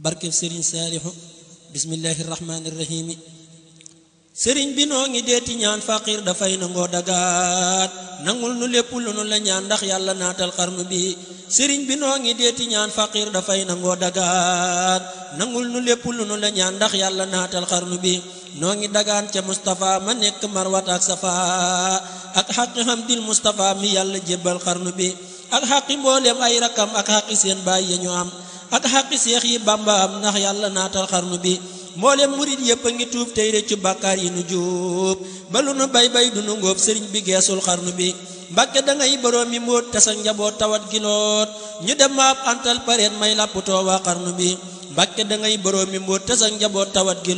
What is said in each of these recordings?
barkeb sëriñ saalixu bismillahi rahmaani rahiimi sëriñ bi noo ngi deeti ñaan faqir dafay nangoo dagaat nangul nu lépp lu nu la ñaan ndax yàlla naatal xarnu bi sëriñ bi noo ngi deeti ñaan faqir dafay nangoo dagaat nangul lépp lu nu ndax yàlla naatal xarnu bi noo ngi dagaan ca Moustapha ma nekk marwat ak safa ak xaqi xamdil Moustapha mi yàlla jébbal xarnu bi ak xaqi mbooleem ay rakam ak xaqi seen baay ya ñu am ak xaqi seex yi bamba am ndax yàlla naatal xarnu bi mboolem murit yëpp a ngi tuub tey rëccu bàkkaar yi nu juub ba lu nu bay bay du nu ngóob sëriñ bi geesul xarnu bi mbàkke da ngay boroom yi mbóot te njaboot tawat gi loot ñu dem maab antal pareet may làpputoo waa bi mbàkke da ngay boroom yi mbóot te sa njaboot tawat gi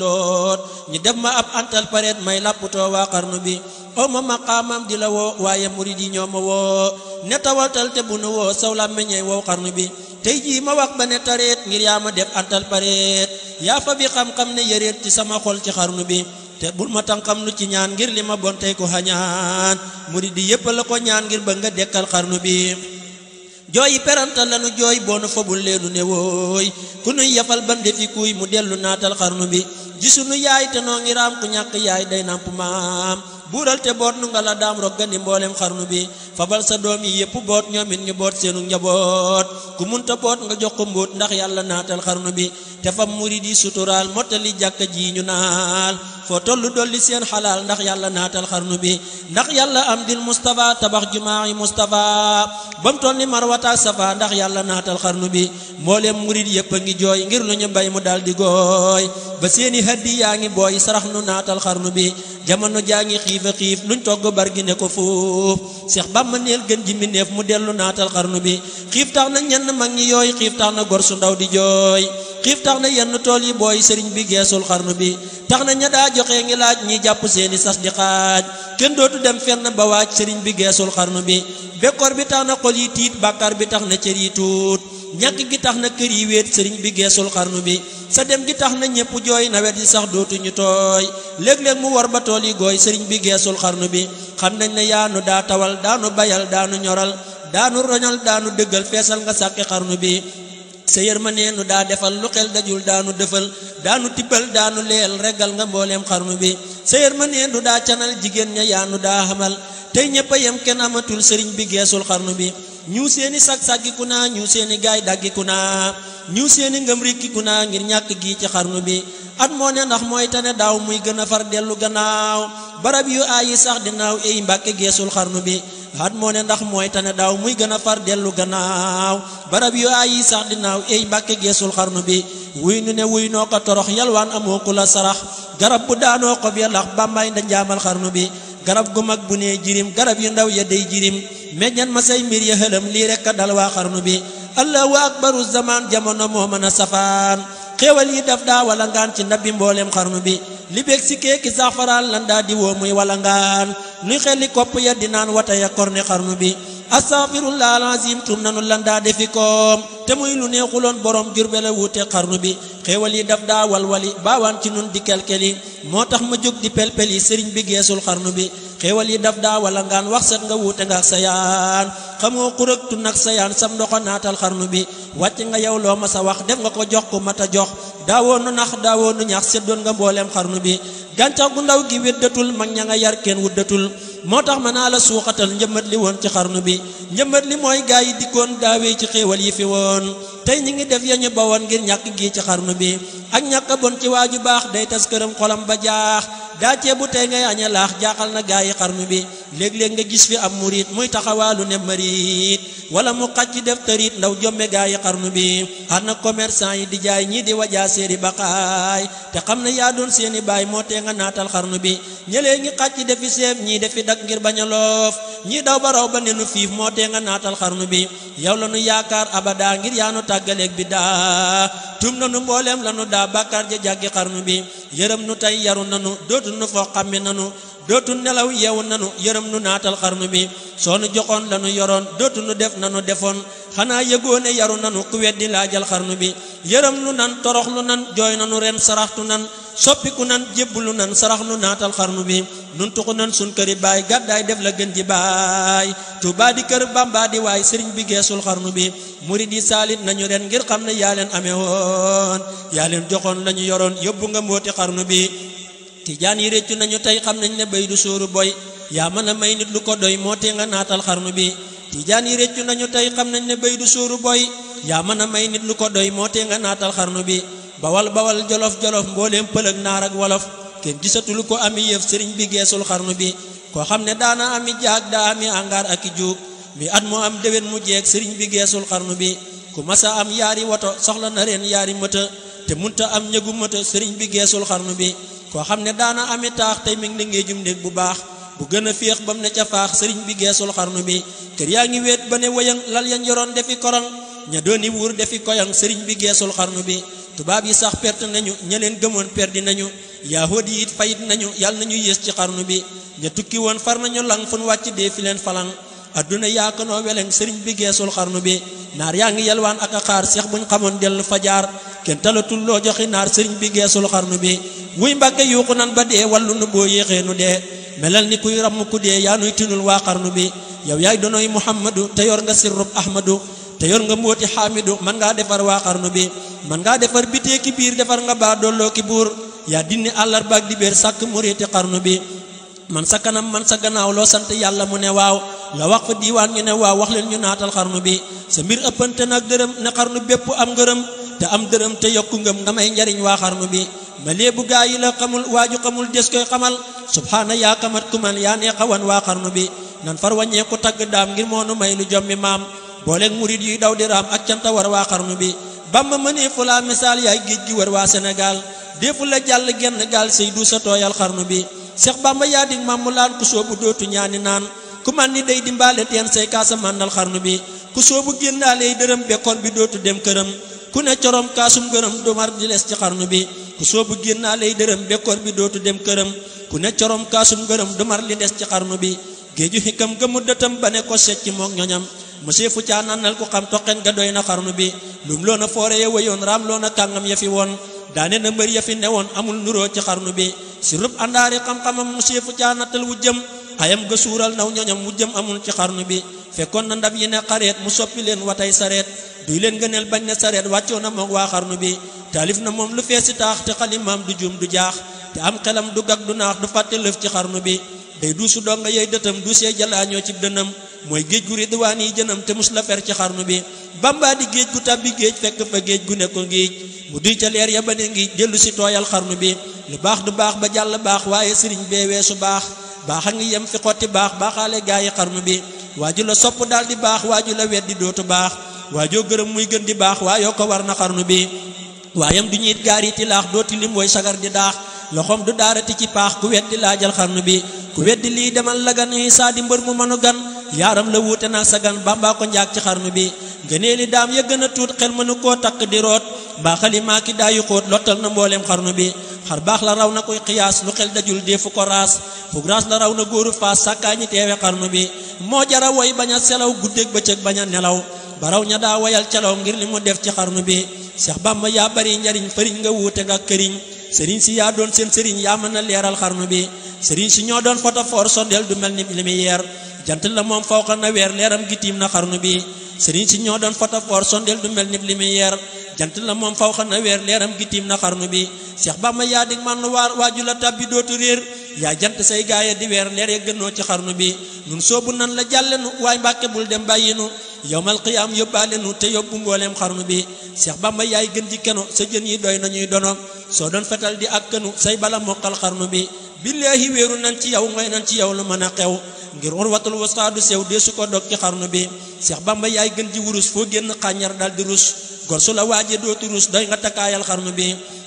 ñu dem ma ab antal pareet may làpputoo waa xarnu bi aw ma maqaamam di la woo waaye murit yi ñoo ma woo ne tawaltal te bu nu woo saw làmmeñee wow xarnu bi tey jii ma wax ba ne tareet ngir yaa ma def antal pareet yaa fa bi xam-xam ne yëreet ci sama xol ci xarnu bi te bul ma tànqam nu ci ñaan ngir li ma bon tey ko xañaan murid yi yépp la ko ñaan ngir ba nga dekkal xarnu bi yi perantal lanu jooy boonu fobul leenu ne wooy ku nuy yafal ban defi mu dellu naatal xarnu bi gisunu yaay te noo ngi ku ñàkk yaay day nàmp maam buural te boot nu nga la daam roggandi mboolem xarnu bi fabal sa doom yi yëpp boot ñoom it boot seenu njaboot ku munta boot nga jox ko mbóot ndax yàlla naatal xarnu bi te fa murid yi suturaal mottali jàkka ji ñu naal foo tollu dolli seen xalaal ndax yàlla naatal xarnu bi ndax yàlla am dil Mustafa tabax jumaa yi Mustafa bam toll ni marwata safa ndax yàlla naatal xarnu bi mbooleem murit yépp a ngi jooy ngir lu ñu bay mu daal di gooy ba seeni haddi yaa ngi booy sarax nu naatal xarnu bi jamono jaa ngi xiif a xiif luñ togg bar gi ne ko fuuf Seex Bàmba neel gën ji mbindéef mu dellu naatal xarnu bi xiif tax na ñenn mag ñi yooy xiif tax na gor su ndaw di jooy xiif tax na yenn tool yi booy sëriñ bi geesul bi naafiqee ngi laaj jàpp seeni sas di xaaj kenn dootu dem fenn ba waaj sëriñ bi geesul xarnu bi bekkoor bi tax na xol yi tiit bi tax na cër yi tuut gi tax na kër yi wéet sëriñ bi geesul xarnu bi sa dem gi tax na ñépp jooy nawet yi sax dootuñu tooy léeg-léeg mu war ba tool yi gooy sëriñ bi geesul xarnu bi xam nañ ne yaanu daa tawal daanu bayal daanu ñoral daanu roñal daanu dëggal feesal nga sàqi xarnu bi sa yërma neenu daa defal lu xel dajul daanu dëfal daanu tibbal daanu leel reggal nga mbooleem xarnu bi sa yërma neenu daa canal jigéen ña yaanu daa tey ñëpp a yem kenn sëriñ bi geesul xarnu bi ñu seeni sag saggiku naa ñu seeni gaay daggiku naa ñu seeni ngëm rikkiku naa ngir ñàkk gi ci xarnu bi at moo ne ndax mooy tane daaw muy gën a far dellu gannaaw barab yu ayi sax dinaaw ey mbàkke geesul xarnu bi xat moo ne ndax mooy tane daaw muy gën a far dellu gannaaw barab yu ay yi sax dinaaw ey mbàkke geesul xarnu bi wuy nu ne wuy noo ko torox yalwaan am ku la sarax garab bu daanoo xob ya lax bàmbaay nda njaamal xarnu bi garab gu mag bu nee jirim garab yu ndaw ya dey jirim meññan ma say mbir ya xëlëm lii rekk a dal waa xarnu bi allahu akbaru zaman jamono moo mën a safaan xéewal yi daf daa walangaan ci ndabbi mbooleem xarnu bi li beeg si keeki saafaraal di woo muy walangaan luy xelli kopp ya di naan wata ya korne xarnu bi astaghfirullah alazim tum nanu lan daa defi te muy lu neexuloon borom jurbele wuute xarnu bi xéewal yi daf daa walwali baawaan ci nun di kelkeli moo tax ma jóg di pelpeli sëriñ bi geesul xarnu bi xéewal yi daf daa wala ngaan wax set nga wuute nga ak sa yaan xamoo xurëgtu nag sa yaan sam ndoxo naatal xarnu bi wàcc nga yow loo ma sa wax def nga ko jox ko mat a jox daawoonu nax daawoonu ñax seddoon nga mbooleem xarnu bi gàncax gu ndaw gi weddatul mag ña nga yar kenn wuddatul moo tax ma naa la suuxatal njëmbat li woon ci xarnu bi njëmbat li mooy gaa yi dikkoon daawee ci xéewal yi fi woon tey ñi ngi def yañu bawoon ngir ñàkk gi ci xarnu bi ak ñàkk bon ci waaju baax day tas këram xolam ba jaax daa bu tey ngay aña laax jaaxal na gaa yi xarnu bi léeg-léeg nga gis fi am murit muy taxawaalu ne marit wala mu xacc def tërit ndaw jomme gaa yi xarnu bi ana commerçant yi di jaay ñii di wajaa seeri baqaay te xam ne yaa doon seeni baay moo tee nga naatal xarnu bi ñëlee ngi xacc defi seef ñii defi dak ngir bañ a loof ñii daw ba raw ba nenu fiif moo tee nga naatal xarnu bi yow la nu yaakaar abada ngir yaanu tàggaleeg bi daa tum na nu mbooleem la nu daa bi yërëm nu tey yaru nanu dootu nu foo xammi nanu dootu nelaw yeewu nanu yërëm nu naatal xarnu bi soo nu joxoon lanu yoroon dootu nu def nanu defoon xanaa yëgoone yaru nanu ku weddi laajal xarnu bi yërëm nu nan toroxlu nan jooy nanu ren saraxtu nan soppiku nan jébbulu nan sarax nu naatal xarnu bi nun tuxu nan sun këri baay gàddaay def la gën ji baay Tuubaa di kër Bamba di waay sëriñ bi geesul xarnu bi murid yi saalit nañu ren ngir xam ne yaa leen amee woon yaa leen joxoon lañu yoroon yóbbu nga mbooti xarnu bi tijaan yi réccu nañu tey xam nañ ne bay du sóoru boy yaa mën a may nit lu ko doy moo tee naatal xarnu bi tijaan yi réccu nañu tey xam nañ ne bay du sóoru boy yaa mën a may nit lu ko doy moo tee nga naatal xarnu bi bawal bawal jolof jolof mbooleem pëlëg naar ak wolof kenn gisatul ko ami yëf sëriñ bi geesul xarnu bi koo xam ne daana ami jaag daa ami angaar ak i juug mi at mu am déwén mu jeeg sëriñ bi geesul xarnu bi ku masa am yaari woto soxla na reen yaari mëta te munta am ñëgu mëta sëriñ bi geesul xarnu bi koo xam ne daana ami taax tey mi ngi ngee jum néeg bu baax bu gën a féex bam ne ca faax sëriñ bi geesul xarnu bi kër yaa ngi wéet ba ne wëyang lal yañ yoroon defi korong ña dooni wuur defi koyang sëriñ bi geesul xarnu bi tubaab yi sax perte nañu ña leen gëmoon perdi nañu yahud yi it fayit nañu yàlla nañu yées ci xarnu bi ña tukki woon far nañu lang nu wàcc dee fi leen falang adduna noo weleng sëriñ bi geesul xarnu bi naar yaa ngi yelwaan ak a xaar seex ñu xamoon dellu jaar kenn talatul loo joxe naar sëriñ bi geesul xarnu bi wuy mbàkke yuuxu nan ba dee wallu nu boo yéexee nu dee melal ni kuy ramm ku dee yaa nuy tinul waa xarnu bi yow yaay donoy muhammadu te yor nga sirrub ahmadu te yor nga mbooti xaamidu man ngaa defar waa xarnu bi man ngaa defar bitee ki biir defar nga baa dolloo ki buur yaa dinni àllarba ak dibéer sàkk muriiti xarnu bi man sa kanam man sa gannaaw loo sant yàlla mu ne waaw la wax fa diiwaan ñu ne waaw wax leen ñu naatal xarnu bi sa mbir ëppante nag dërëm ne xarnu bépp am ngërëm te am dërëm te yokk ngëm nga may njariñ waa xarnu bi ma léebu gaa yi la xamul waaju xamul des koy xamal subhaana yaa kamat kuman yaa neexawan bi booleeg murid yuy daw di raam ak canta war waa xarnu bi bamba ma fu laa misaal yaay géej gi war waa Sénégal déefu la jàll genn gaal sëy du sa tooyal xarnu bi Seex Bamba yaa di maam mu laan ku soobu dootu ñaani naan ku man ni day dimbaale teen say kaasa màndal xarnu bi ku soobu génnaaley dërëm bekkoon bi dootu dem këram ku ne corom kaasum gërëm du mar di les ci xarnu bi ku soobu génnaaley dërëm bekkoon bi dootu dem këram ku ne corom kaasum gërëm du mar li des ci xarnu bi géeju xikam gëmu dëtam ba ne ko secc monsieur Fucca nannal ku xam toqen ga doy na xarnu bi lum loona foore ya wéyoon raam na kàngam ya fi woon daane na mbër ya ne woon amul nuroo ci xarnu bi si rub àndaari xam-xamam monsieur Fucca nattal wu jëm ayam ga suural naw ñoñam wu jëm amul ci xarnu bi fekkoon na ndab yi ne xareet mu soppi leen watay sareet duy leen gëneel bañ ne sareet wàccoo na moog waa xarnu bi taalif na moom lu feesi taax te xalimaam du juum du jaax te am xelam du gag naax du fàtte lëf ci xarnu bi tey duusu dong yey dëtam duus yey jalaañoo ci dënam mooy géej gu ridwaan yi jënam te mus la fer ci xarnu bi bamba di géej gu tàbbi géej fekk fa géej gu nekko ngiij mu duy ca leer ya ba ne ngi jëllu si tooyal xarnu bi lu baax du baax ba jàll baax waaye sëriñ bee weesu baax baax a ngi yem fi xotti baax baaxaale gaa yi xarnu bi waaju la sopp daal di baax waaju la weddi dootu baax waajoo gërëm muy gën di baax waayoo ko war na xarnu bi waayam du ñiit gaar laax dooti lim wooy sagar di daax loxoom du daarati ci paax ku weddi laajal xarnu bi ku weddi lii demal la gan yi saa di mbër mu mënu gan yaaram la wuute nag sa gan bàmbaa ko njaag ci xarnu bi gënee li daam ya gën a tuut xel mënu koo takk di root baaxali maaki daayu xóot lottal na mbooleem xarnu bi xar baax la raw na koy xiyaas lu xel dajul dee fu ko raas fug raas la raw na góoru faas sàkkaa ñi teewe xarnu bi moo jara woy bañ a selaw guddeeg bëccëg bañ a nelaw baraw ña daa woyal celaw ngir li mu def ci xarnu bi Seex Bàmba yaa bari njariñ fëriñ nga wuute nga këriñ sëriñ si yaa doon seen sëriñ yaa mën a leeral xarnu bi sëriñ si ñoo doon photofor sondeel du mel ni lumière jant la moom fawqa na weer leeram gi na xarnu bi sëriñ si ñoo yaa dig man waar la tab dootu réer yaa jant say gaaya di weer leer ya gënoo ci xarnu bi nun soobu nan la jàlle nu waay mbàkke bul dem bàyyi nu yowmal qiyaam yóbbaale nu te yóbbu mbooleem xarnu bi Seex Bamba yaay gën ci keno sa jën yi doy nañuy dono soo doon fetal di ak kenu say bala mokkal xarnu bi billaahi wéeru nan ci yow ngoy nan ci yaw lu mën a xew ngir urwatul wasqa du sew dee su ko dog ci xarnu bi Seex Bamba yaay gën ji wurus foo génn xàññar dal di rus gor la waaje dootu rus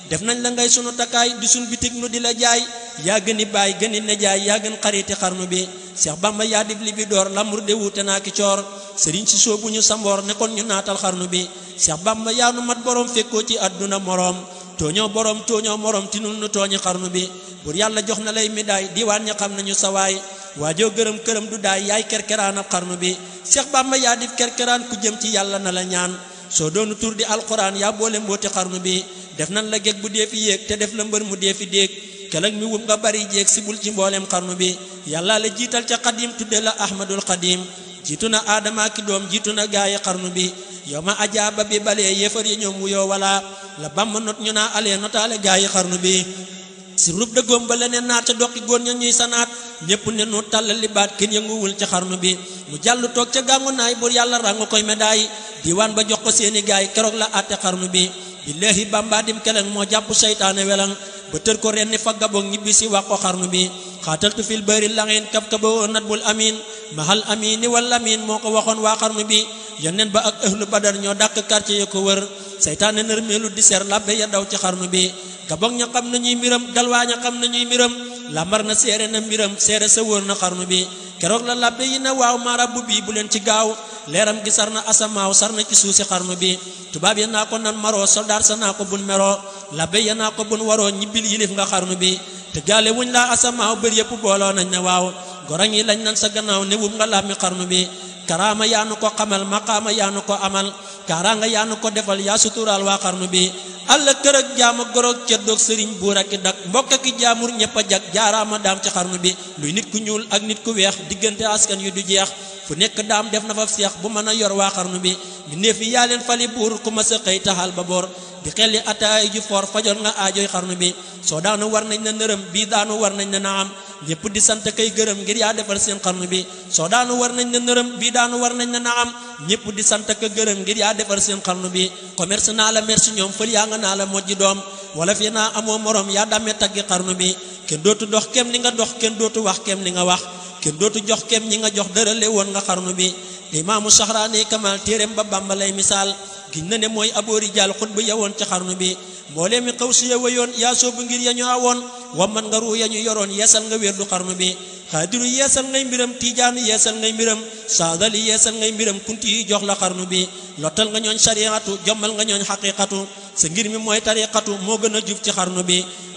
def nañ la ngay sunu takkaay di sun bitig nu di la jaay yaa gëni baay gën ne jaay yaa gën xariti xarnu bi Seex ma yaa dib li bi lamur de wuute naa ki coor sëriñ si soo bu ñu samboor ne kon ñu naatal xarnu bi Seex Bamba yaa nu mat boroom fekkoo ci àdduna moroom tooñoo borom tooñoo moroom ti nun nu tooñi xarnu bi pour yàlla jox na lay mi daay diwaan ña xam nañu sawaay waajoo gërëm këram du daay yaay kerkeraan ab xarnu bi Seex Bamba yaa dib ku jëm ci yàlla na la ñaan soo doonu tur di alquran yaa boole mbooti xarnu bi def nan la géej bu dee fi yéeg te def la mbër mu dee fi déeg kelag mi wum nga bari jéeg si bul ci mboolem xarnu bi yàlla la jiital ca xadim tudde la ahmadul xadim jiitu na aadama ki doom jiitu na gaayi xarnu bi yow ma ajaaba bi balee yéefar yi ñoom wuyoo wala la bàmba not ñu naa alee notaale gaayi xarnu bi si rub da ba la ne naat ca doqi góor ña ñuy sanaat ñépp ne nu tàllal baat kenn yënguwul ca xarnu bi mu jàll toog ca gàngu naay buur yàlla ràngu koy médaille diwaan ba jox ko seeni gaay keroog la àtte xarnu bi billaahi bamba dim keleng moo jàpp seytaane welang ba tër ko renni fa gabong ñibbi si wax ko xarnu bi xaataltu fil bëri langeen kab kaba woo nat bul amin mahal amini wal amin moo ko waxoon waa xarnu bi yonneen ba ak ahlu badar ñoo dàq quartier ya ko wër seytaane nërmeelu di ser labbe ya daw ci xarnu bi gabong ña xam nañuy mbiram dalwaa ña xam nañuy mbiram lambar seere na mbiram seere sa wër na xarnu bi keroog la labbe yi na waaw marabu bi bu leen ci gaaw leeram gi sar na asamaaw sar na ci suuf si xarnu bi tubaab ya naa ko nan maroo soldaar sa naa ko bun meroo labbe ya naa ko bun waroo ñibbil yilif nga xarnu bi te gaale wuñ laa asamaaw bër yëpp booloo nañ na waaw gorang yi lañ nan sa gannaaw newum nga làmmi xarnu bi karaama yaanu ko xamal maqaama yaanu ko amal kaaraanga yaa nu ko defal yaa suturaal waa xarnu bi alla kër ak jaam ak goroog ceddoog sëriñ buur ak i dak mbokk ak i jaamur ñëpp a jag jaaraama daam ci xarnu bi luy nit ku ñuul ak nit ku weex diggante askan yu du jeex fu nekk daam def na fa seex bu mën a yor waa xarnu bi mi néef yi yaa leen fali buur ku ma sa taxal ba boor di xelli ataay ju for fajoon nga aajoy xarnu bi soo daanu war nañ na nërëm bii daanu war nañ na naam ñépp di sant kay gërëm ngir yaa defal seen xarnu bi soo daanu war nañ na nërëm bii daanu war nañ na naam ñépp di sant ka gërëm ngir yaa defal seen xarnu bi commerce naa la merci ñoom fël yaa nga naa la mojji doom wala fii naa amoo morom yaa dammee taggi xarnu bi kenn dootu dox kem li nga dox kenn dootu wax kem li nga wax kenn dootu jox kem ñi nga jox dërale woon nga xarnu bi limaamu saxraane kamal téeréem ba bàmba lay misaal giñ na ne mooy aboori jaal xutba yawoon ci xarnu bi mboolee mi xaw si ya wayoon yaa soobu ngir ya ñu awoon wamman nga ruu ya ñu yoroon yeesal nga wér du xarnu bi xaadiru yeesal ngay mbiram tiijaanu yeesal ngay mbiram saadali yeesal ngay mbiram kunti yi jox la xarnu bi lottal nga ñooñ sariyatu jommal nga ñooñ xaqiqatu sa ngir mi mooy tariqatu a jub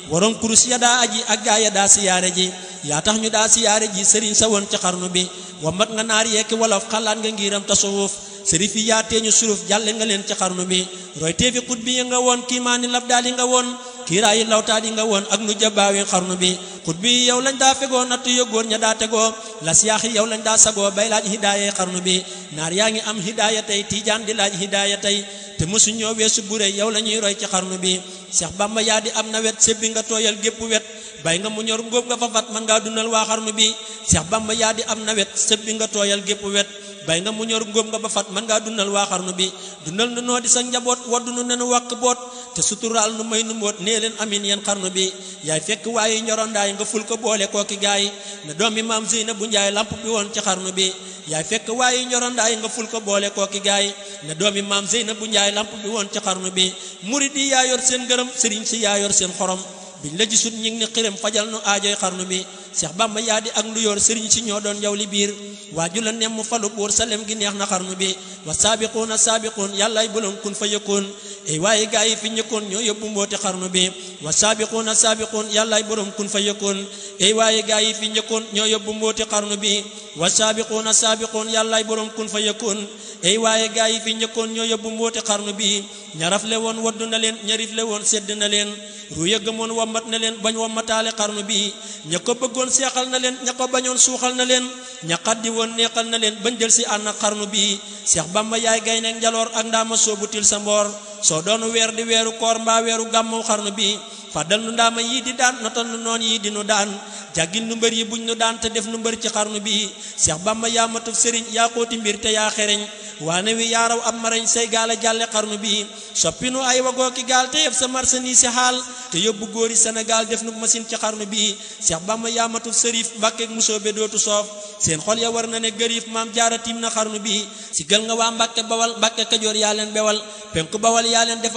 waroon kurus ya daa aji ak gaa ya daa siyaare ji yaa tax ñu daa siyaare ji sëriñ sa woon ci xarnu bi wambat nga naar yekki wolof xalaat nga ngiram tasawuf sërif yi yaa teeñu suruf jàlle nga leen ci xarnu bi roy teefi xut bi ya nga woon kiimaani labdaali nga woon kiiraayi lawtaat yi nga woon ak nu jabaawi xarnu bi xut bi yow lañ daa fegoo nattu yëgoon ña daa tegoo las yaaxi yow lañ daa sagoo bay laaj hidaaya xarnu bi naar yaa ngi am hidaaya tey tiijaan di laaj hidaaya tey te mosu ñoo weesu bu réy yow la ñuy roy ci xarnu bi Seex Bamba yaa di am na wet sebbi nga tooyal gépp wet bay nga mu ñor ngóob nga fa fat man ngaa dundal waa xarnu bi Seex Bamba yaa di am na wet sebbi nga tooyal gépp wet bay nga mu ñor ngóob nga ba fat man ngaa dundal waa xarnu bi dundal na noo di sa njaboot waddu nu nenu wàq boot te suturaal nu may nu mboot nee leen amin yeen xarnu bi yaay fekk waaye njorondaay nga ful ko boole kooki gaay na doomi maam Zeyna bu njaay lamp woon ci xarnu bi yaay fekk waaye njorondaay nga ful ko boole kooki gaay na doomi maam Zeyna bu njaay làmp bi woon ci xarnu bi murid yi yaa yor seen ngërëm sëriñ si yaa yor seen xorom biñ la gisul ñi ngi ni xërëm fajal nu aajoy xarnu mi Seex Bàmba yaa di ak lu yor sëriñ si ñoo doon yow li biir waaju la nemm falu buur salem gi neex na xarnu bi wa saabiquuna saabiquun yàllaay buloon kun fa yëkkoon ey waaye gaa yi fi ñëkkoon ñoo yóbbu mbooti xarnu bi wa saabiquuna saabiquun yàllaay borom kun fa yëkkoon ey waaye gaa yi fi ñëkkoon ñoo yóbbu mbooti xarnu bi wa saabiquuna saabiquun yàllaay borom kun fa yëkkoon ey gaa yi fi ñëkkoon ñoo yóbbu mbooti xarnu bi ñaraf le woon wadd na leen ñarif le woon sedd na leen ru yëggamoon wammat na leen bañ wammataale xarnu bi ña ko bëggoon seexal na leen ña ko bañoon suuxal na leen ña xaddi woon neexal na leen bañ jël si ànd xarnu bi Seex Bamba yaay gay ne njaloor ak ndaama soobu til sa mboor soo doon weer di weeru koor mbaa weeru gàmmu xarnu bi fadal nu ndaama yii di daan notal nu noon yii di nu daan jàggil nu mbër yi buñ nu daan te def nu mbër ci xarnu bi Cheikh Bamba yaa matub sëriñ yaa xóoti mbir te yaa xereñ waane wi yaaraw am marañ say gaal a bi soppinu ay wagoo ki gaal te yëf sa marchandise xaal te yóbbu yi Sénégal def nu machine ci xarnu bi Cheikh Bamba yaa matub sërif mbàkkeek musóobe dootu soof seen xol ya war na ne gërif maam jaara tiim na xarnu bi si gël nga waa mbàkke bawal mbàkke kajoor yaa leen bewal penku bawal yaa leen bi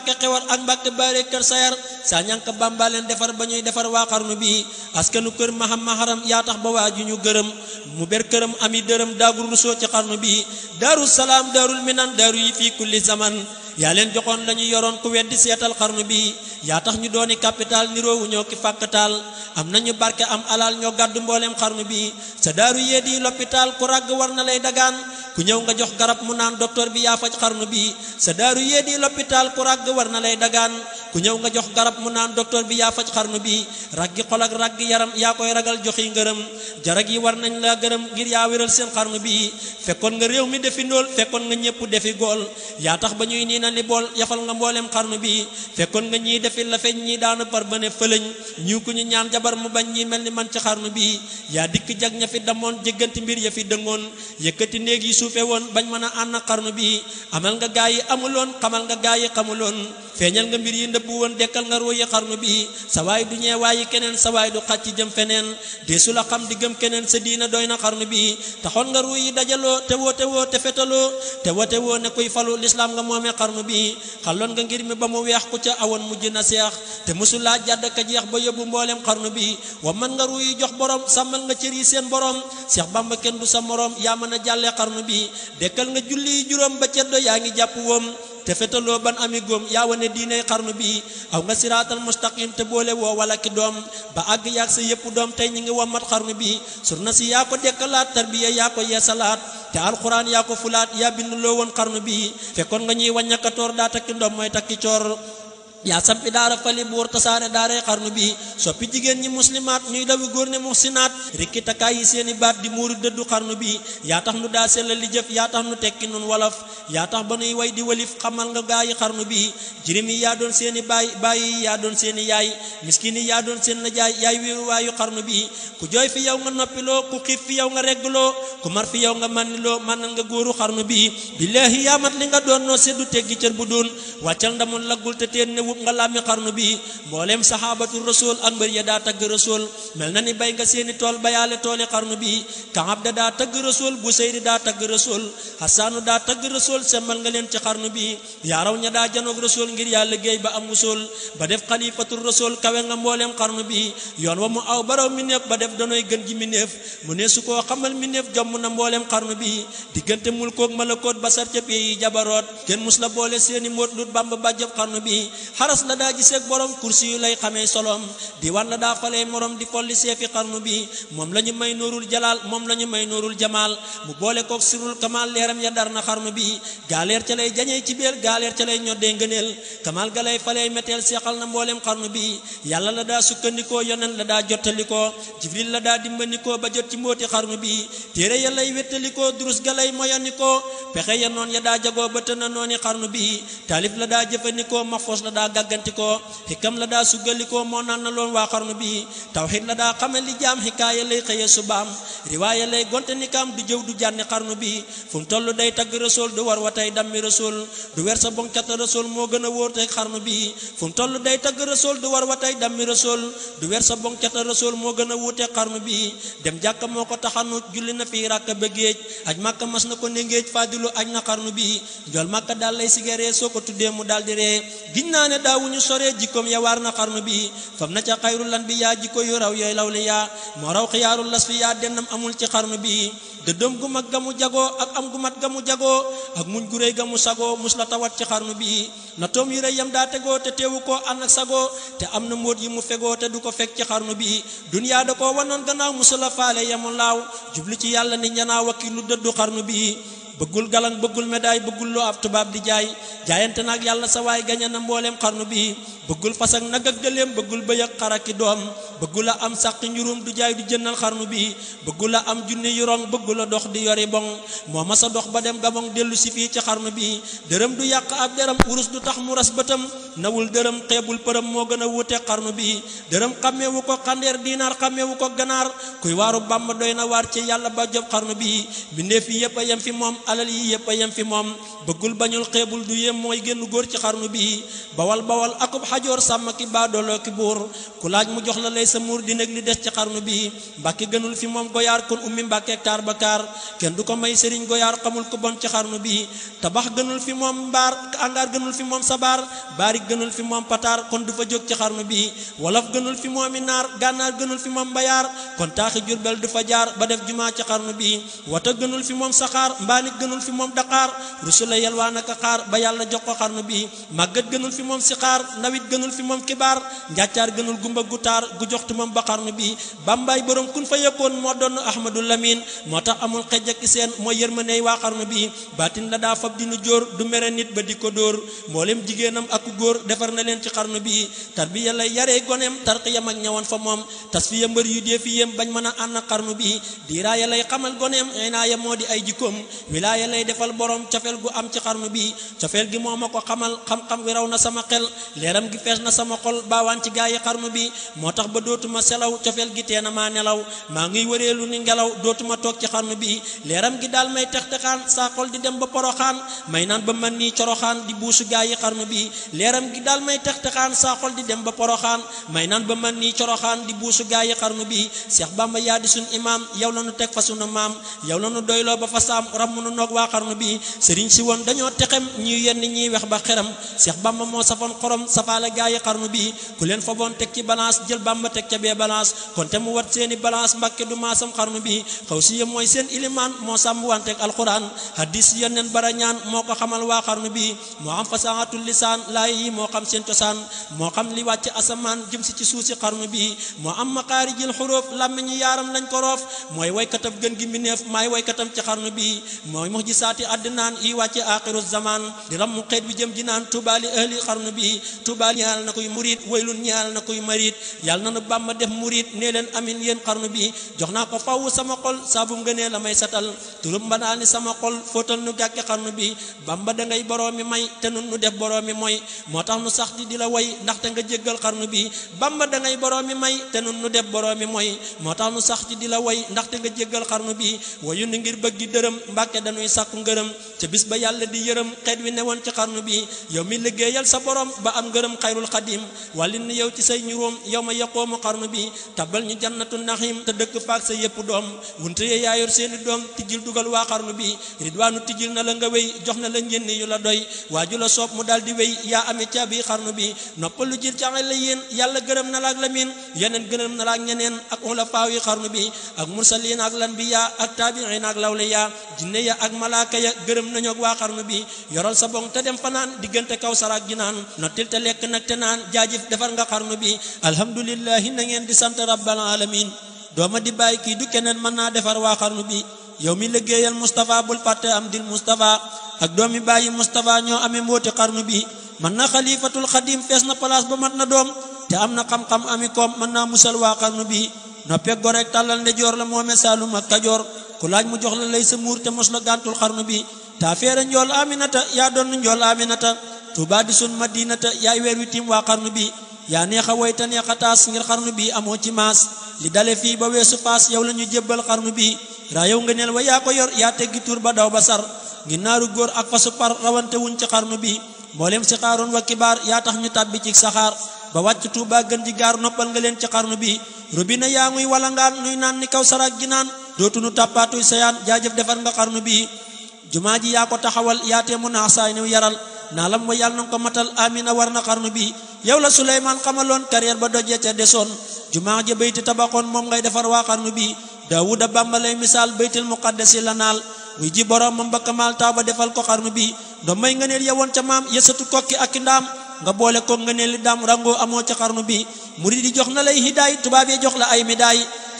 mbàkke xewar ak mbàkke baare kër sa saa ñànk bàmba leen defar ba ñuy defar waa xarnu bi askanu kër maham maharam yaa tax ba waa ju ñu gërëm mu ber këram ami dërëm daagu rusoo ci xarnu bi daaru salaam daarul minan daaru yi fii kulli zaman yaa leen joxoon la ñu yoroon ku weddi seetal xarnu bi yaa tax ñu dooni capital niroowu ñoo ki taal am nañu barke am alal ñoo gàddu mbooleem xarnu bi sa daaru yee di l'hôpital ku ràgg war na lay dagaan ku ñëw nga jox garab mu naan docteur bi yaa faj xarnu bi sa daaru yee di l'hôpital ku ràgg war na lay dagaan ku ñëw nga garab mu naan docteur bi yaa faj xarnu bi raggi xol ak raggi yaram yaa koy ragal joxi ngërëm jarak yi war nañ la gërëm ngir yaa wéral seen xarnu bi fekkoon nga réew mi defi ndool fekkoon nga ñëpp defi gool yaa tax ba ñuy nii mel ni bool yafal nga mbooleem xarnu bi fekkoon nga ñii defit la feñ ñii daanu par ba ne fëlëñ ñii ku ñu ñaan jabar mu bañ ñii mel ni man ci xarnu bi yaa dikk jag ña fi damoon jégganti mbir ya fi dëngoon yëkkati néeg yi suufe woon bañ mën a ànd xarnu bi amal nga gaa yi amuloon xamal nga gaa yi xamuloon feeñal nga mbir yi ndëbbu woon dekkal nga ruuyi xarnu bi sawaay du ñeewaayi keneen sawaay du xàcc jëm feneen deesu la xam di gëm keneen sa diina doy na xarnu bi taxoon nga ruuyi dajaloo te woo te woo te fetaloo te woo te woo ne kuy falu lislaam nga moomee xarnu bi xalloon nga ngir mi ba mu weex ku ca awoon mujj na seex te musulaa jàdd ka jeex ba yóbbu mboolem xarnu bi wa man nga ruuyi jox borom sàmmal nga cër yi seen borom seex bamba kenn sa morom yaa mën a jàllee xarnu bi dekkal nga julli te fetaloo ban ami góom yaa wane diinay xarnu bi aw nga siraatal mustaqim te boole woo wala ki doom ba àgg yàgg sa yëpp doom tey ñi ngi wammat xarnu bi sur na si yaa ko dekkalaat tarbiya yaa ko yeesalaat te alquran yaa ko fulaat yaa bind loo woon xarnu bi fekkoon nga ñuy wàññakatoor daa takki ndoom mooy takki coor yaa sampi daara fali buur tasaare daaray xarnu bi soppi jigéen ñi muslimaat ñuy dawi góor ne muxsinaat rikki takkaay yi seeni baat di muuru dëddu xarnu bi yaa tax nu daa sella li jëf yaa tax nu tekki nun wolof yaa tax ba nuy way di walif xamal nga gaa yi xarnu bi jirim yi yaa doon seeni baay baay yi yaa doon seeni yaay miskin yi yaa doon seen najaay yaay wéeruwaayu xarnu bi ku jooy fi yow nga noppiloo ku xiif fi yow nga reggloo ku mar fi yow nga mànniloo mànnal nga góoru xarnu nga doon noo seddu teggi cër bu doon wàccal ndamul laggul te teen ne wub nga làmmi xarnu bi mbooleem saxaabatul rasul ak mbër ya daa tagg rasul mel na ni bay nga seeni tool bayaale tooli xarnu bi kaab da daa tagg rasul bu seydi daa tagg rasul hasaanu daa tagg rasul sembal nga leen ci xarnu bi yaa raw ña daa janoog rasul ngir yàlla géey ba am usul ba def xalifatul rasul kawe nga mbooleem xarnu bi yoon wa mu aw baraw mi ba def danoy gën ji mi neef mu ne su koo xamal mi neef jomm na mbooleem xarnu bi diggante mul koog malakoot basar ca pee yi kenn mus la boole seeni móot bamba bàjjëb xarnu bi xaras la daa giseeg borom kursi yu lay xamee solom diwaan la daa falee morom di folli seefi xarnu bi moom la ñu may nuurul jalaal moom la ñu may nuurul jamaal mu boole kook sirul kamaal leeram ya dar na xarnu bi gaaleer ca lay jañee ci biir gaaleer ca lay ñoddee ngëneel kamaal ga lay falee méteel seexal na mbooleem xarnu bi yàlla la daa sukkandikoo yonen la daa jottalikoo jibril la daa dimbandikoo ba jot ci mbooti xarnu bi téere ya lay wettalikoo durus ga la daa jëfandikoo mafos la daa gàggantikoo xikam la daa suggalikoo moo naan na loon waa xarnu bi tawxid la daa xamal li jaam xikaaya lay xëyee subaam riwaaya lay gonte ni kaam du jëw du jànni xarnu bi fu mu toll day tagg rasul du war wa tey dammi rasul du wer sa bonkata rasul moo gën a wóor bi fu mu toll day tagg rasul war wa tey dammi rasul du wer sa bonkata rasul moo gën a wuute xarnu bi dem jàkka moo ko taxanu julli na fii ràkka ba géej aj màkka mas na ko ne géej fadilu aj na xarnu bi njool màkka daal lay sigaree soo ko déggee mu daal di ree giñ naa ne daawuñu soree jikkoom ya na xarnu bi fam na ca xayru lan bi yaa jikko yu raw yooyu law li yaa moo raw xiyaarul las fi yaa dennam amul ci xarnu bi dëddëm gu mag gamu jagoo ak am gu mat gamu jagoo ak muñ gu réy gamu sagoo mus la tawat ci xarnu bi na toom yu réy yam daa tegoo te teewu ko ànd ak sagoo te am na mbóot yi mu fegoo te du ko fekk ci xarnu bi duniyaa da koo wanoon gannaaw musu faale yamu laaw jubli ci yàlla ni bëggul galang bëggul médaille bëggul loo ab tubaab di jaay jaayante naag yàlla sa waay gañe na mbooleem xarnu bi bëggul fas ak nag ak gëléem bëggul bëy ak xar aki doom bëggul a am sàq njurum du jaay du jëndal xarnu bi bëggul a am junni yurong bëggul a dox di yori boŋ moo ma sa dox ba dem gaboŋ dellu si fii ci xarnu bi dërëm du yàq ab deram urus du tax mu ras bëtam nawul dërëm xeebul përëm moo gën a wuute xarnu bi dërëm xàmmeewu ko xandeer diinaar xàmmeewu ko ganaar kuy waaru bàmb doy na waar yàlla ba job xarnu bi alal yi yëpp a yem fi moom bëggul bañul xeebul du yem mooy génn góor ci xarnu bi bawal bawal akub xajoor sàmm ki baadoolo ki buur ku laaj mu jox la lay sa muur di nekk li des ci xarnu bi mbàkke gënul fi moom goyaar kon ummi mbàkke taar ba kaar kenn du ko may sëriñ goyaar xamul ko bon ci xarnu bi tabax gënul fi moom mbaar angaar gënul fi moom sabaar baari gënul fi moom pataar kon du fa jóg ci xarnu bi wolof gënul fi moomi naar gànnaar gënul fi moom mbayaar kon taaxi jurbel du jaar ba def jumaa ci xarnu bi gënul fi moom daqaar rusula yalwaanaka xaar ba yàlla jox ko xarnu bii màggat gënul fi moom si xaar nawit gënul fi moom kibaar njaccaar gënul gumba gu taar gu joxtu moom ba xarnu bii bambaay boroom kun fa yëkkoon moo doon ahmadul lamin moo tax amul xej ak iseen ma yërmaney waa xarnu bi baatin la daa fab dinu jóor du mere nit ba di ko dóor mboolem jigéenam ak góor defar na leen ci xarnu bii tarbiya lay yaree goneem tarqiyam ak ñawoon fa moom tasfiya mbër yu dee fi bañ mën a ànd xarnu bii diiraaya wilaaya lay defal borom cofeel gu am ci xarnu bi cofeel gi moo ma ko xamal xam-xam wi raw na sama xel leeram gi fees na sama xol baawaan ci gaa yi xarnu bi moo tax ba dootuma selaw cofeel gi tee na maa nelaw maa ngiy wëreelu ni ngelaw dootuma toog ci xarnu bi leeram gi daal may tex texaan saa xol di dem ba poroxaan may naan ba man nii coroxaan di buusu gaa yi xarnu bi leeram gi daal may tex texaan saa di dem ba poroxaan may naan ba man nii coroxaan di buusu gaa yi xarnu bi Seex Bamba yaa di sun imaam yow la nu teg fa sunu maam yow la nu doyloo ba fa saam xarnu noog waa xarnu bi sëriñ si woon dañoo texem ñuy yenn ñiy wex ba xeram Seex Bàmba moo safoon xorom safaale gaa yi xarnu bi ku leen fa boon teg ci balance jël Bàmba teg ca bee balance kon te mu wat seeni balance mbàkke du maasam xarnu bi xaw si mooy seen ilimaan moo sàmm wanteeg alxuraan hadis yenneen bara moo ko xamal waa xarnu bi moo am fasaatul lisaan laay moo xam seen cosaan moo xam li wàcc asamaan jëm ci suuf xarnu bi moo am maxaarijil xuróof mooy muhjisaati addinaan yi wàcce axiru zaman di rammu xeet bi jëm ji naan tubaali ahli xarnu bi tubaal ñaal na koy murit waylun ñaal na koy marit yàlla na nu bàmba def murit nee leen amin yéen xarnu bi jox naa ko faw sama xol saabum ngënee la may satal turum banaa ni sama xol fóotal nu gàkke xarnu bi bàmba da ngay may te nun nu def borom mooy moo tax nu sax di di la way ndaxte nga jéggal xarnu bi bàmba da ngay borom mi may te nun nu def borom mi mooy moo tax nu sax la way ndaxte nga dañuy sàkku ngërëm ca bis ba yàlla di yërëm xeet wi newoon ci xarnu bi yow mi liggéeyal sa borom ba am ngërëm xayrul xadim wàllin yow ci say ñuróom yow ma yaqoomu xarnu bi tabal ñu jannatu naxim te dëkk paak sa yëpp doom wunte yee yaayor seeni doom tijjil dugal waa xarnu bi ridwaanu tijjil na la nga wéy jox na la njënni yu la doy waaju la soob mu daal di wéy yaa ame caabi xarnu bi noppalu jil caxe la yéen yàlla gërëm na laak lamin yeneen gërëm na laak ñeneen ak ula faaw yi bi ak mursaliin ak lan bi yaa ak taabiin ak lawle yaa jinne ak malaaka ya gërëm nañu ak waa xarnu bi yoral sa bong te dem fanaan diggante kaw saraak ji naan nottil te lekk nag te naan jaajëf defar nga xarnu bi alhamdulillahi na ngeen di sant rabbal alamin dooma di bàyyi kii du keneen mën naa defar waa xarnu bi yow mi liggéeyal Moustapha bul fàtte am dil Moustapha ak doomi bàyyi Moustapha ñoo amee mbooti xarnu bi man na xalifatul xadim fees na place ba mat na doom te am na xam-xam ami koom mën naa musal waa xarnu bi noppeg gorek tàllal ndejoor la moome Saalum ak Kajoor ku laaj mu jox la lay sa muur te mos la gàntul xarnu bi taa feere njool aminata yaa doon njool aminata tuubaa di sun madinata yaay weer wi waa xarnu bi yaa neex a woy a taas ngir xarnu bi amoo ci maas li dale fii ba weesu faas yow la ñu jébbal xarnu bi raayow nga wa yaa ko yor yaa teggi tur ba daw ba sar ngi naaru góor ak fasu par rawante wuñ ci xarnu bi mboolem si xaaroon wa kibaar yaa tax ñu tàbbi ci saxaar ba wàcc tuubaa gën ji gaar noppal nga leen ci xarnu bi robina yaa nguy walangaan nuy naan ni kaw sarak dootunu tàppaatuy sayaan jaajëf defar nga xarnu bii jumaa ji yaa ko taxawal yaa tee mu naax saay niw yaral naa lam wa yàlla nanga ko matal amina war na xarnu bii yow la suleymaan xamaloon carrière ba dojee ca desoon jumaa ja bayti tabaxoon moom ngay defar waa xarnu bii daawuda bàmbalay misaal baytil muqaddasi la naal wuy ji boromam ba kamaal taaba defal ko xarnu bii nda may nga neel yowoon ca maam yësatu kokki ak ndaam nga boole ko nga neel li daam rangoo amoo ca xarnu bii murid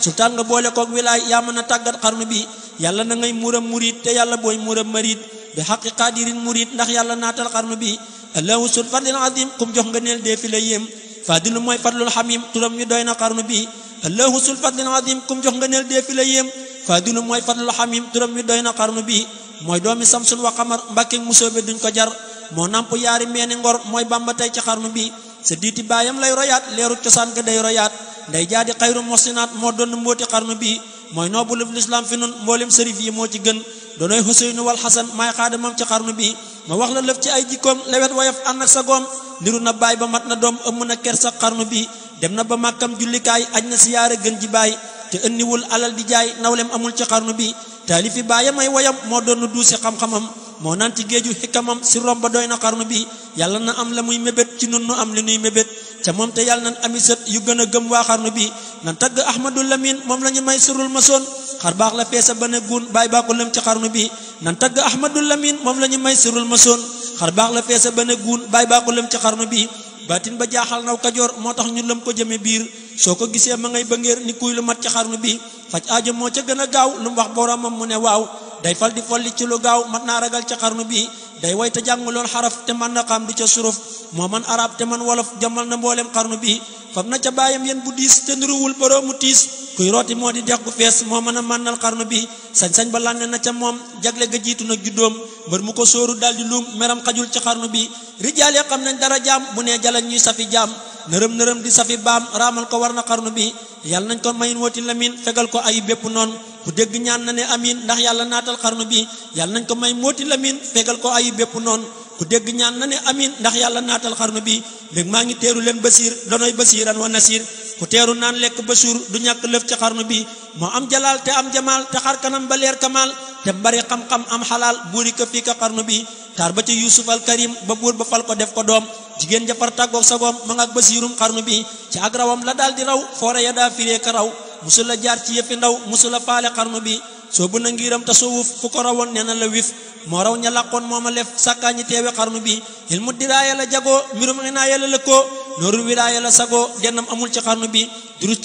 sultaan nga boole koog wilaay yaa mën a tàggat xarnu bi yàlla na ngay muram murid te yàlla booy muram marid bi xaqi qaadirin murid ndax yàlla naatal xarnu bi allahu sul fadlil azim kum jox nga nee dee fi la yéem fadilu mooy fadlul xamim turam ñu doy na xarnu bi allahu sul fadlil azim kum jox nga neel dee fi la yéem fadilu mooy fadlul xamim turam ñu doy na xarnu bi mooy doomi samsun wa xamar mbàkke musóobe duñ ko jar moo namp yaari meeni ngor mooy bamba tey ci xarnu bi sa diiti baayam lay royaat leeru cosaan ga day royaat nday jaadi xayru mosinaat moo doon mbooti xarnu bi mooy noobulub lislaam fi nun mboolem sërif yi moo ci gën doonooy xuseynu wal xasan maay xaadamam ci xarnu bi ma wax la lëf ci ay jikkoom lewet woyof ànd ak sa goom niru na baay ba mat na doom ëmm na ker sa xarnu bi dem na ba màkkam jullikaay aj na siyaara gën ji baay te ënniwul alal di jaay nawlem amul ci xarnu bi taalifi baayam ay woyam moo doon duusi xam-xamam moo naan ci géeju xikkamam si romba doy na xarnu bi yàlla na am la muy mébét ci nun nu am li nuy mébét ca moom te yàlla na amisat yu gën a gëm waa xarnu bi nan tagg ahmadul lamin moom la ñu may surul masoon xar baax la feesa bane guun bàyyi baako lëm ci xarnu bi nan tagg ahmadul lamin moom la ñu may surul masoon xar baax la feesa bane guun bàyyi baako lëm ci xarnu bi baatin ba jaaxal naw kajoor moo tax ñu lëm ko jëme biir soo ko gisee ma ngay bëngeer ni kuy lu mat ci xarnu bi faj aajo moo ca gën a gaaw lu mu wax boromam mu ne waaw day fal di folli ci lu gaaw mat naa ragal ca xarnu bi day way te jàngu lool xaraf te man na xam du ca suruf moo man araab te man wolof jëmal na mboolem xarnu bi fab na ca baayam yéen bu diis te nuruwul boroomu tiis kuy rooti moo di dex gu fees moo mën a mànnal xarnu bi sañ-sañ ba lànne na ca moom jagle ga jiitu nag juddoom mbër mu ko sóoru daal di luum meram xajul ci xarnu bi rijaal ya xam nañ dara jaam bu nee jalal ñuy safi jaam nërëm nërëm di safi baam raamal ko war na xarnu bi yàlla nañ ko mayin wooti lamin fegal ko ay bépp noonu ku dégg ñaan na ne amin ndax yàlla naatal xarnu bi yàlla nañ ko may mooti lamin fegal ko ay bépp noonu ku dégg ñaan na ne amin ndax yàlla naatal xarnu bi léegi maa ngi teeru leen basiir donoy basiiran wa nasiir ku teeru naan lekk ba du ñàkk lëf ci xarnu bi moo am jalaal te am jamaal te xar kanam ba leer kamaal te bari xam-xam am xalaal buuri ko fii ka xarnu bi taar ba ca yusuf al karim ba buur ba fal ko def ko doom jigéen jafar tàggoog sagoom ma nga ak basiirum xarnu bi ci ak rawam la daal di raw foore ya daa a ka raw musul la jaar ci yëfi ndaw musul la faale xarnu bi soo bu na ngiram ta sowuf ku ko rawoon nee na la wif moo raw ña làqoon mooma lef sàkkaa ñi teewe xarnu bi ilmu diraaya la jagoo mbirum a la lëkkoo nooru la sagoo dennam amul ci xarnu bi durus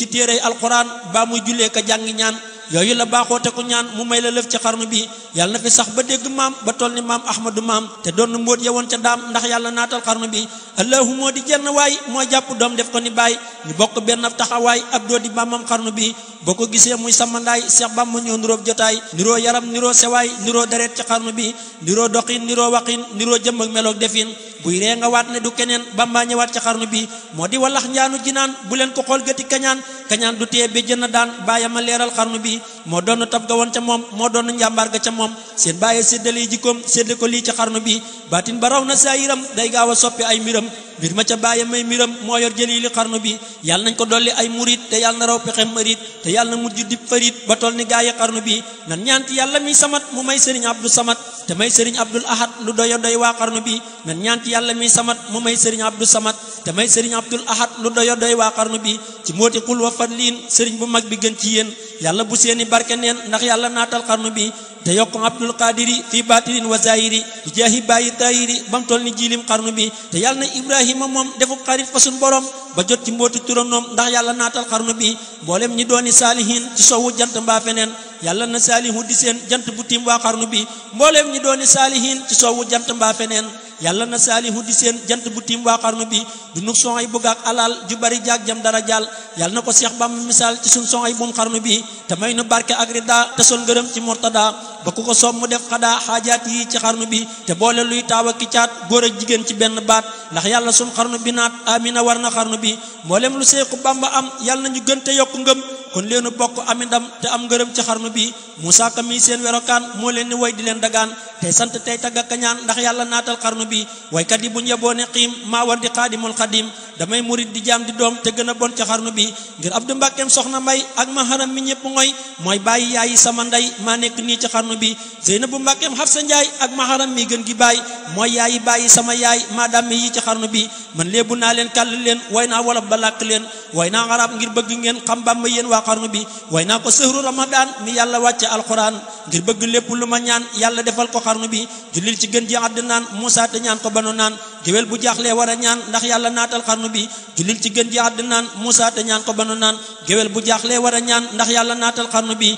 yooyu la baaxoo te ku ñaan mu may la lëf ci xarnu bi yàlla na fi sax ba dégg maam ba toll ni maam ahmadu maam te doon na mbóot yewoon ca daam ndax yàlla naatal xarnu bi allahu moo di jenn waay moo jàpp doom def ko ni baay ñu bokk benn taxawaay ab doo di maamam xarnu bi boo ko gisee muy samandaay Seex Bamba ñoo niroo jotaay niroo yaram niroo sewaay niroo deret ci xarnu bi niroo doxin niroo waxin niroo jëm ak meloog defin buy ree nga waat ne du keneen bamba ñëwaat ci xarnu bi moo di wallax njaanu jinaan bu leen ko xool gëti kañaan kañaan du tee béjjën na daan bàyyama leeral xarnu bi moo doon tab ga woon ca moom moo doon njàmbaar ga ca moom seen bàyyee séddale jikkoom ko lii ci xarnu na saayiram day gaaw a mbiram mbir ma ca bàyyi may mbiram moo yor jëliili xarnu bi yàlla nañ ko dolli ay murit te yàlla na raw pexem marit te yàlla na mujj dib farit ba toll ni gaayi xarnu bi nan ñaanti yàlla mi samat mu may sëriñ abdou samat te may sëriñ abdul ahad lu doyo waa xarnu bi nan ñaanti yàlla mi samat mu may sëriñ abdou samat te may sëriñ abdul ahad lu doyo doy waa xarnu bi ci mooti xul wa fadliin sëriñ bu mag bi gën ci yéen yàlla bu seeni barke neen ndax yàlla naatal xarnu bi te yokk abdul qadiri fi batinin wa zahiri bi jaahi bàyyi tahiri bam toll ni jilim xarnu bi te yàlla na ibrahima moom defub xarit fa suñ borom ba jot ci mbooti turandoom ndax yàlla naatal xarnu bi mboolem ñi dooni saalihin ci sowu jant mbaa feneen yàlla na saalihu di seen jant bu tiim waa xarnu bi mbooleem ñi dooni saalihin ci sowu jant mbaa feneen yàlla na saalihu di seen jant bu tiim waa xarnu bi du nu son ay bëgg ak alal ju bari jaag jam dara jàll yàlla na ko seex bam misaal ci suñ son ay buum xarnu bi te may nu barke ak rida te son ngërëm ci murtada ba ku ko soob mu def xadaa xaajaat yi ci xarnu bi te boole luy taaw ak caat góor a jigéen ci benn baat ndax yàlla sum xarnu bi naat amina war na xarnu bi mboolem lu seexu bamba am yàlla nañu gën te yokk ngëm kon leenu bokk am te am ngërëm ci xarnu bi Moussa Ka mi seen werokaan moo leen ni way di leen dagaan tey sant tey tagga kañaan ndax yàlla naatal xarnu bi waykat yi bu ñu yeboo ne xiim maa war di xaadimul xadim damay murit di jaam di doom te gën a bon ca xarnu bi ngir Abdu Mbàkkeem soxna may ak ma maharam mi ñëpp ngoy mooy bàyyi yaayi sama ndey maa nekk nii ci xarnu bi na Zeynabu Mbàkkeem Xafsa Njaay ak maharam mi gën gi baay mooy yaayi bàyyi sama yaay maa damme yi ci xarnu bi man leebu naa leen kàll leen way naa wolof ba làkk leen way naa arab ngir bëgg ngeen xam Bàmba yéen waa xarnu bi way naa ko sëhru ramadaan mi yàlla wàcce alxuraan ngir bëgg lépp lu ma ñaan yàlla defal ko xarnu bi ci gën ji àddinaan Muusaa te ñaan ko banu naan géwél bu jaaxlee war a ñaan ndax yalla naatal xarnu bi jullil ci gën ji àdd naan ñaan ko ba nu géwél bu jaaxlee war a ñaan ndax yàlla naatal xarnu bi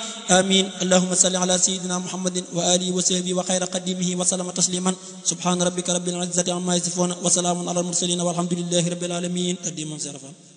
amin allahumma salli ala sayidina muhammadin wa alihi wa sahbihi wa xayra qadimihi wa salama tasliman subhana rabbika rabbil izzati amma yasifuna